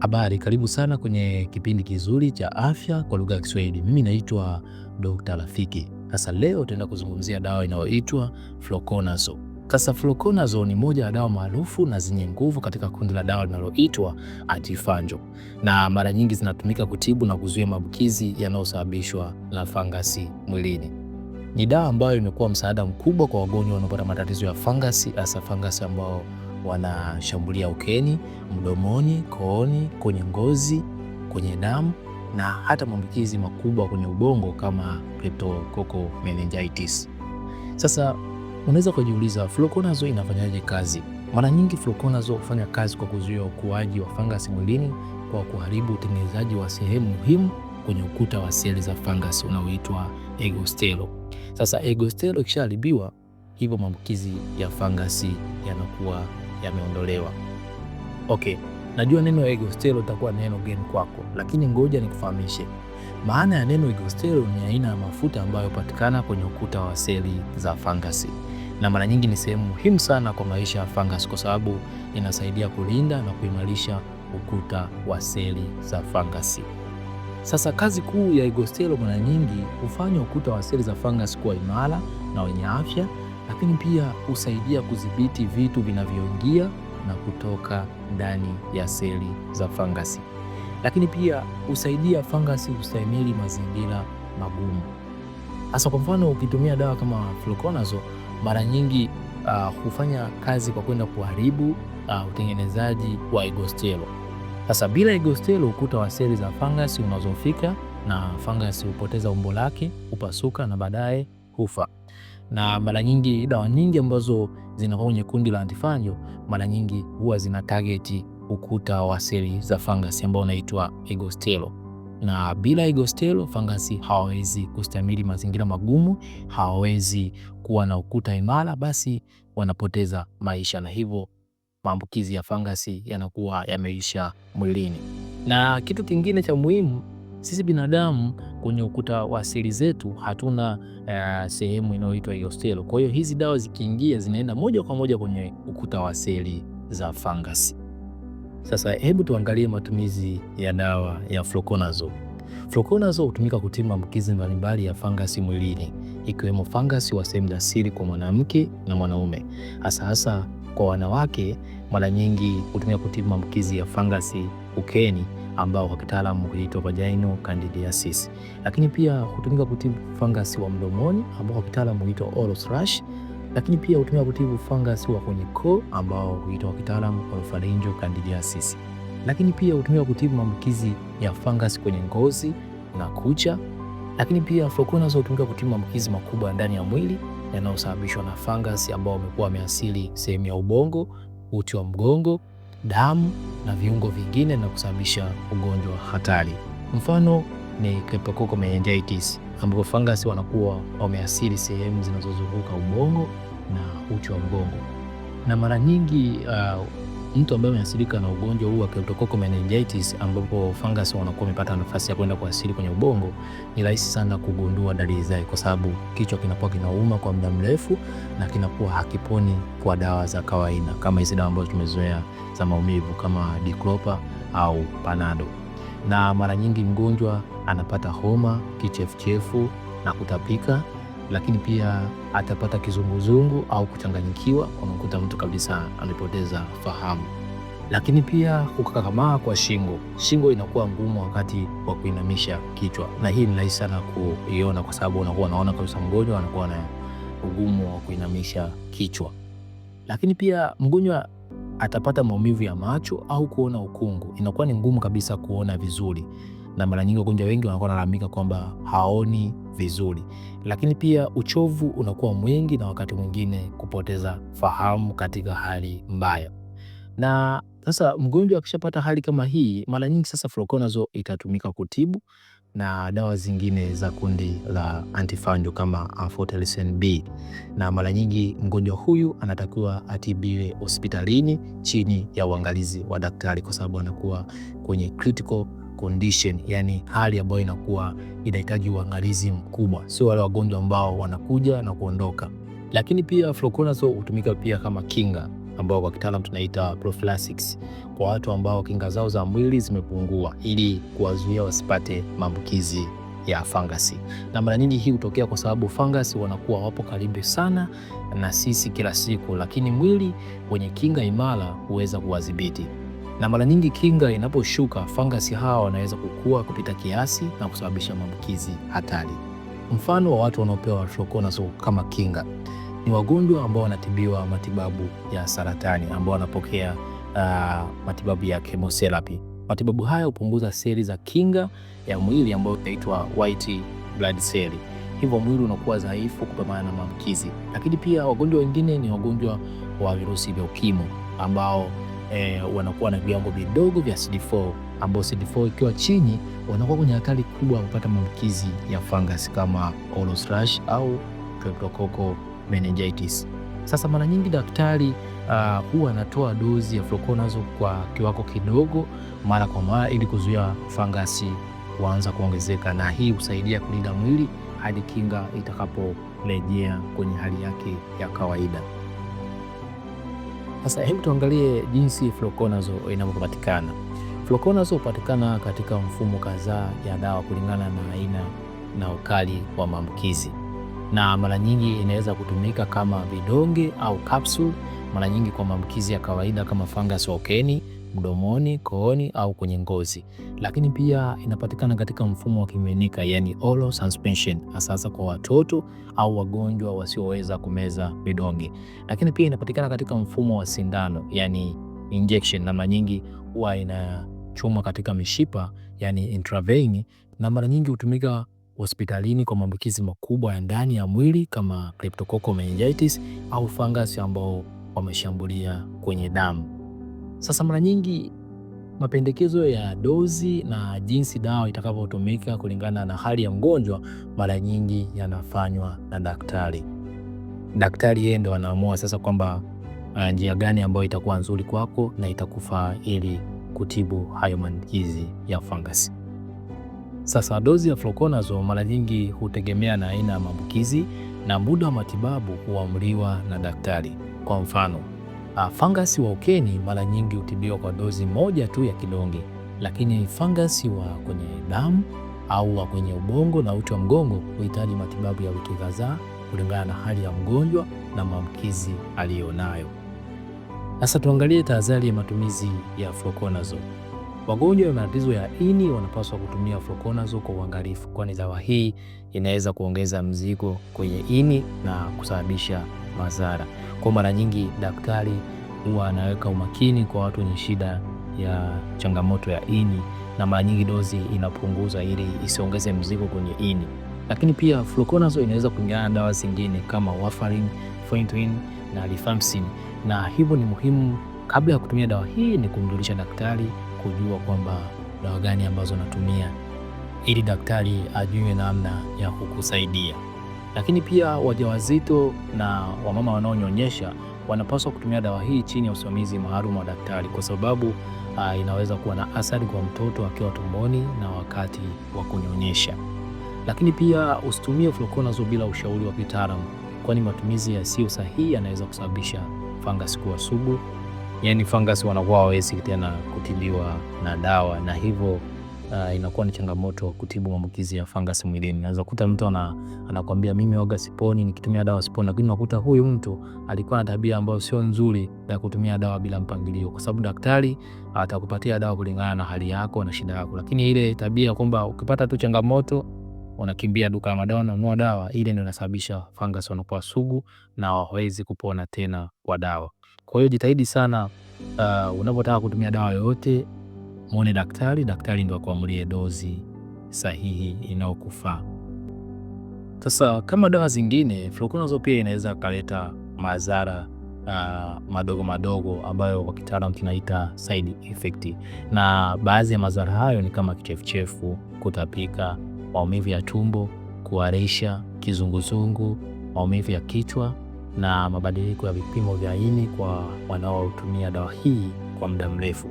Habari, karibu sana kwenye kipindi kizuri cha afya kwa lugha ya Kiswahili. Mimi naitwa Dr. Rafiki. Sasa leo tutaenda kuzungumzia dawa inayoitwa Fluconazole. Sasa Fluconazole ni moja ya dawa maarufu na zenye nguvu katika kundi la dawa linaloitwa antifungal, na mara nyingi zinatumika kutibu na kuzuia maambukizi yanayosababishwa na fangasi mwilini. Ni dawa ambayo imekuwa msaada mkubwa kwa wagonjwa wanaopata matatizo ya fangasi, hasa fangasi ambao wanashambulia ukeni, mdomoni, kooni, kwenye ngozi, kwenye damu na hata maambukizi makubwa kwenye ubongo kama cryptococcal meningitis. Sasa unaweza kujiuliza fluconazole inafanyaje kazi? Mara nyingi fluconazole hufanya kazi kwa kuzuia ukuaji wa fangasi mwilini kwa kuharibu utengenezaji wa sehemu muhimu kwenye ukuta wa seli za fangasi unaoitwa ergosterol. Sasa ergosterol ikishaharibiwa, hivyo maambukizi ya fangasi yanakuwa yameondolewa. Okay, najua neno egostelo itakuwa neno geni kwako, lakini ngoja nikufahamishe maana ya neno egostelo. Ni aina ya mafuta ambayo hupatikana kwenye ukuta wa seli za fangasi na mara nyingi ni sehemu muhimu sana kwa maisha ya fangasi kwa sababu inasaidia kulinda na kuimarisha ukuta wa seli za fangasi. Sasa kazi kuu ya egostelo mara nyingi hufanya ukuta wa seli za fangasi kuwa imara na wenye afya lakini pia husaidia kudhibiti vitu vinavyoingia na kutoka ndani ya seli za fangasi, lakini pia husaidia fangasi kustahimili mazingira magumu. Hasa kwa mfano, ukitumia dawa kama fluconazole mara nyingi uh, hufanya kazi kwa kwenda kuharibu uh, utengenezaji wa egostelo. Sasa bila egostelo, ukuta wa seli za fangasi unazofika na fangasi hupoteza umbo lake, hupasuka na baadaye hufa na mara nyingi dawa nyingi ambazo zinakuwa kwenye kundi la antifungal mara nyingi huwa zina target ukuta wa seli za fangasi ambao unaitwa Egostelo, na bila Egostelo fangasi hawawezi kustahimili mazingira magumu, hawawezi kuwa na ukuta imara, basi wanapoteza maisha, na hivyo maambukizi ya fangasi yanakuwa yameisha mwilini. Na kitu kingine cha muhimu, sisi binadamu kwenye ukuta wa seli zetu hatuna uh, sehemu inayoitwa iostelo. Kwa hiyo hizi dawa zikiingia zinaenda moja kwa moja kwenye ukuta wa seli za fungus. Sasa hebu tuangalie matumizi ya dawa ya fluconazole. Fluconazole hutumika kutibu maambukizi mbalimbali ya fangasi mwilini ikiwemo fangasi wa sehemu za siri kwa mwanamke na mwanaume, hasa hasa kwa wanawake, mara nyingi hutumika kutibu maambukizi ya fangasi ukeni ambao kwa kitaalamu huitwa vaginal candidiasis, lakini pia hutumika kutibu fangasi wa mdomoni ambao kwa kitaalamu huitwa oral thrush, lakini pia hutumika kutibu fangasi wa kwenye koo ambao huitwa kwa kitaalamu oropharyngeal candidiasis, lakini pia hutumika kutibu maambukizi ya fangasi kwenye ngozi na kucha, lakini pia fluconazole hutumika kutibu maambukizi makubwa ndani ya mwili yanayosababishwa na fangasi ambao wamekuwa wameasili sehemu ya ubongo, uti wa mgongo damu na viungo vingine na kusababisha ugonjwa hatari. Mfano ni Cryptococcus meningitis ambapo fangasi wanakuwa wameasili sehemu zinazozunguka ubongo na uti wa mgongo na mara nyingi uh, mtu ambaye ameathirika na ugonjwa huu wa Cryptococcal meningitis, ambapo fungus wanakuwa wamepata nafasi ya kwenda kuasili kwenye ubongo, ni rahisi sana kugundua dalili zake, kwa sababu kichwa kinakuwa kinauma kwa muda mrefu na kinakuwa hakiponi kwa dawa za kawaida, kama hizi dawa ambazo tumezoea za maumivu kama Diclofenac au Panado, na mara nyingi mgonjwa anapata homa, kichefuchefu na kutapika lakini pia atapata kizunguzungu au kuchanganyikiwa, kwamekuta mtu kabisa amepoteza fahamu. Lakini pia kukakamaa kwa shingo, shingo inakuwa ngumu wakati wa kuinamisha kichwa, na hii ni rahisi sana kuiona kwa sababu unakuwa unaona kabisa mgonjwa anakuwa na ugumu wa kuinamisha kichwa. Lakini pia mgonjwa atapata maumivu ya macho au kuona ukungu, inakuwa ni ngumu kabisa kuona vizuri na mara nyingi wagonjwa wengi wanakuwa wanalalamika kwamba haoni vizuri, lakini pia uchovu unakuwa mwingi na wakati mwingine kupoteza fahamu katika hali mbaya. Na sasa mgonjwa akishapata hali kama hii, mara nyingi sasa fluconazole itatumika kutibu na dawa zingine za kundi la antifungal kama amphotericin B, na mara nyingi mgonjwa huyu anatakiwa atibiwe hospitalini chini ya uangalizi wa daktari, kwa sababu anakuwa kwenye critical condition, yani hali ambayo inakuwa inahitaji uangalizi mkubwa, sio wale wagonjwa ambao wanakuja na kuondoka. Lakini pia fluconazole hutumika pia kama kinga ambao kwa kitaalamu tunaita prophylaxis kwa watu ambao kinga zao za mwili zimepungua, ili kuwazuia wasipate maambukizi ya fangasi. Na mara nyingi hii hutokea kwa sababu fangasi wanakuwa wapo karibu sana na sisi kila siku, lakini mwili wenye kinga imara huweza kuwadhibiti na mara nyingi kinga inaposhuka, fangasi hawa wanaweza kukua kupita kiasi na kusababisha maambukizi hatari. Mfano wa watu wanaopewa Shoconazol kama kinga ni wagonjwa ambao wanatibiwa matibabu ya saratani, ambao wanapokea uh, matibabu ya chemotherapy. Matibabu haya hupunguza seli za kinga ya mwili ambayo inaitwa white blood cell, hivyo mwili unakuwa dhaifu kupambana na maambukizi. Lakini pia wagonjwa wengine ni wagonjwa wa virusi vya ukimwi ambao e, wanakuwa na viwango vidogo vya CD4 ambao CD4 ikiwa chini wanakuwa kwenye hatari kubwa kupata maambukizi ya fungus kama oral thrush au Streptococcal meningitis. Sasa mara nyingi daktari uh, huwa anatoa dozi ya fluconazole kwa kiwango kidogo mara kwa mara ili kuzuia fangasi kuanza kuongezeka, na hii husaidia kulinda mwili hadi kinga itakaporejea kwenye hali yake ya kawaida. Sasa hebu tuangalie jinsi fluconazole inavyopatikana. Fluconazole hupatikana katika mfumo kadhaa ya dawa kulingana na aina na ukali wa maambukizi, na mara nyingi inaweza kutumika kama vidonge au capsule, mara nyingi kwa maambukizi ya kawaida kama fungus wa ukeni mdomoni, kooni au kwenye ngozi, lakini pia inapatikana katika mfumo wa kimiminika, yani oral suspension, hasa kwa watoto au wagonjwa wasioweza kumeza vidonge. Lakini pia inapatikana katika mfumo wa sindano, yani injection. Na mara nyingi huwa inachoma katika mishipa, yani intravenous, na mara nyingi hutumika hospitalini kwa maambukizi makubwa ya ndani ya mwili kama cryptococcal meningitis au fungus ambao wameshambulia kwenye damu. Sasa mara nyingi mapendekezo ya dozi na jinsi dawa itakavyotumika kulingana na hali ya mgonjwa mara nyingi yanafanywa na daktari. Daktari yeye ndo anaamua sasa kwamba uh, njia gani ambayo itakuwa nzuri kwako na itakufaa ili kutibu hayo maambukizi ya fangasi. Sasa dozi ya fluconazole mara nyingi hutegemea na aina ya maambukizi na muda wa matibabu huamriwa na daktari. Kwa mfano Uh, ah, fangasi wa ukeni mara nyingi hutibiwa kwa dozi moja tu ya kidonge, lakini fangasi wa kwenye damu au wa kwenye ubongo na uti wa mgongo huhitaji matibabu ya wiki kadhaa kulingana na hali ya mgonjwa na maambukizi aliyonayo. Sasa tuangalie tahadhari ya matumizi ya fluconazole. Wagonjwa wa matatizo ya ini wanapaswa kutumia fluconazole kwa uangalifu, kwani dawa hii inaweza kuongeza mzigo kwenye ini na kusababisha madhara. Kwa mara nyingi daktari huwa anaweka umakini kwa watu wenye shida ya changamoto ya ini, na mara nyingi dozi inapunguza ili isiongeze mzigo kwenye ini. Lakini pia fluconazole inaweza kuingana na dawa zingine kama warfarin, phenytoin na rifampicin, na hivyo ni muhimu kabla ya kutumia dawa hii ni kumjulisha daktari kujua kwamba dawa gani ambazo natumia ili daktari ajue namna ya kukusaidia. Lakini pia wajawazito na wamama wanaonyonyesha wanapaswa kutumia dawa hii chini ya usimamizi maalum wa daktari, kwa sababu uh, inaweza kuwa na athari kwa mtoto akiwa tumboni na wakati wa kunyonyesha. Lakini pia usitumie fluconazole bila ushauri wa kitaalamu, kwani matumizi yasiyo sahihi yanaweza kusababisha fangasi kuwa sugu yani fungus wanakuwa hawawezi tena kutibiwa na dawa, na hivyo uh, inakuwa ni changamoto kutibu maambukizi ya fungus mwilini. Naweza kukuta mtu ana, anakwambia mimi oga siponi nikitumia dawa siponi, lakini unakuta huyu mtu alikuwa na tabia ambayo sio nzuri ya kutumia dawa bila mpangilio, kwa sababu daktari atakupatia dawa kulingana na hali yako na shida yako, lakini ile tabia kwamba ukipata tu changamoto wanakimbia duka la madawa, nanunua dawa, ile ndio inasababisha fungus wanakuwa sugu na hawawezi kupona tena kwa dawa. Kwa hiyo jitahidi sana uh, unapotaka kutumia dawa yoyote muone daktari. Daktari ndo akuamulie dozi sahihi inayokufaa. Sasa kama dawa zingine, fluconazole pia inaweza kaleta madhara uh, madogo madogo ambayo kwa kitaalamu tunaita side effect, na baadhi ya madhara hayo ni kama kichefuchefu, kutapika, maumivu ya tumbo, kuharisha, kizunguzungu, maumivu ya kichwa na mabadiliko ya vipimo vya ini kwa wanaotumia dawa hii kwa muda mrefu.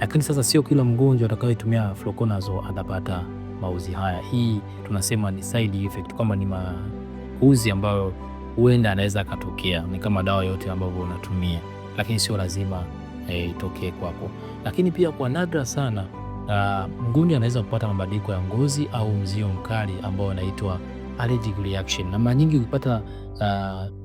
Lakini sasa sio kila mgonjwa atakayetumia fluconazole atapata mauzi haya. Hii tunasema ni side effect, kwamba ni mauzi ambayo huenda anaweza akatokea, ni kama dawa yote ambayo unatumia, lakini sio lazima eh, itokee eh, kwako. Lakini pia kwa nadra sana uh, mgonjwa anaweza kupata mabadiliko ya ngozi au mzio mkali ambao unaitwa allergic reaction, na mara nyingi ukipata uh,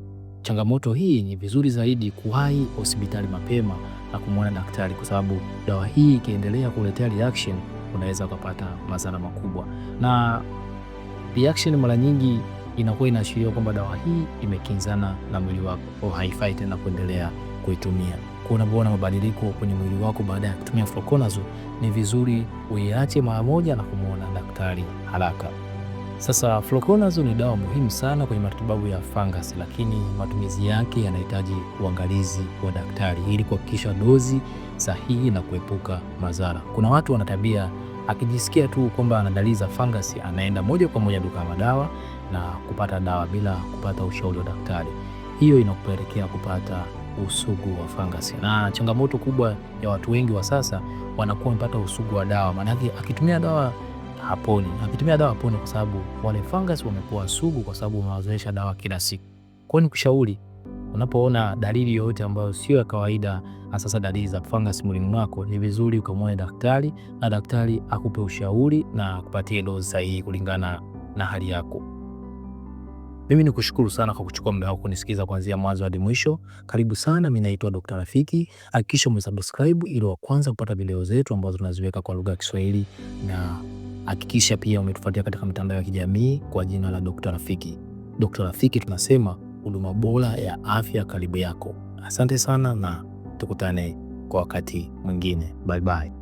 changamoto hii, ni vizuri zaidi kuwahi hospitali mapema na kumwona daktari, kwa sababu dawa hii ikiendelea kuletea reaction unaweza ukapata madhara makubwa. Na reaction mara nyingi inakuwa inaashiria kwamba dawa hii imekinzana na mwili wako au haifai tena kuendelea kuitumia. Kwa unapoona mabadiliko kwenye mwili wako baada ya kutumia fluconazole, ni vizuri uiache mara moja na kumwona daktari haraka. Sasa fluconazole ni dawa muhimu sana kwenye matibabu ya fangasi, lakini matumizi yake yanahitaji uangalizi wa daktari ili kuhakikisha dozi sahihi na kuepuka madhara. Kuna watu wana tabia, akijisikia tu kwamba anadaliza fangasi, anaenda moja kwa moja duka la madawa na kupata dawa bila kupata ushauri wa daktari. Hiyo inakupelekea kupata usugu wa fangasi, na changamoto kubwa ya watu wengi wa sasa wanakuwa wamepata usugu wa dawa, maanake akitumia dawa haponi. Akitumia dawa haponi kwa sababu wale fungus wamekuwa sugu kwa sababu unawazoesha dawa kila siku. Kwa hiyo nikushauri unapoona dalili yoyote ambayo sio ya kawaida, hasa dalili za fungus mwilini mwako, ni vizuri ukamwone daktari na daktari akupe ushauri na akupatie dozi sahihi kulingana na hali yako. Mimi ni kushukuru sana kwa kuchukua muda wako kunisikiliza kuanzia mwanzo hadi mwisho. Karibu sana, mimi naitwa Dr. Rafiki. Hakikisha umesubscribe ili wa kwanza kupata video zetu ambazo tunaziweka kwa lugha ya Kiswahili na Hakikisha pia umetufuatia katika mitandao ya kijamii kwa jina la Dr. Rafiki. Dr. Rafiki, tunasema huduma bora ya afya karibu yako. Asante sana na tukutane kwa wakati mwingine. Bye bye.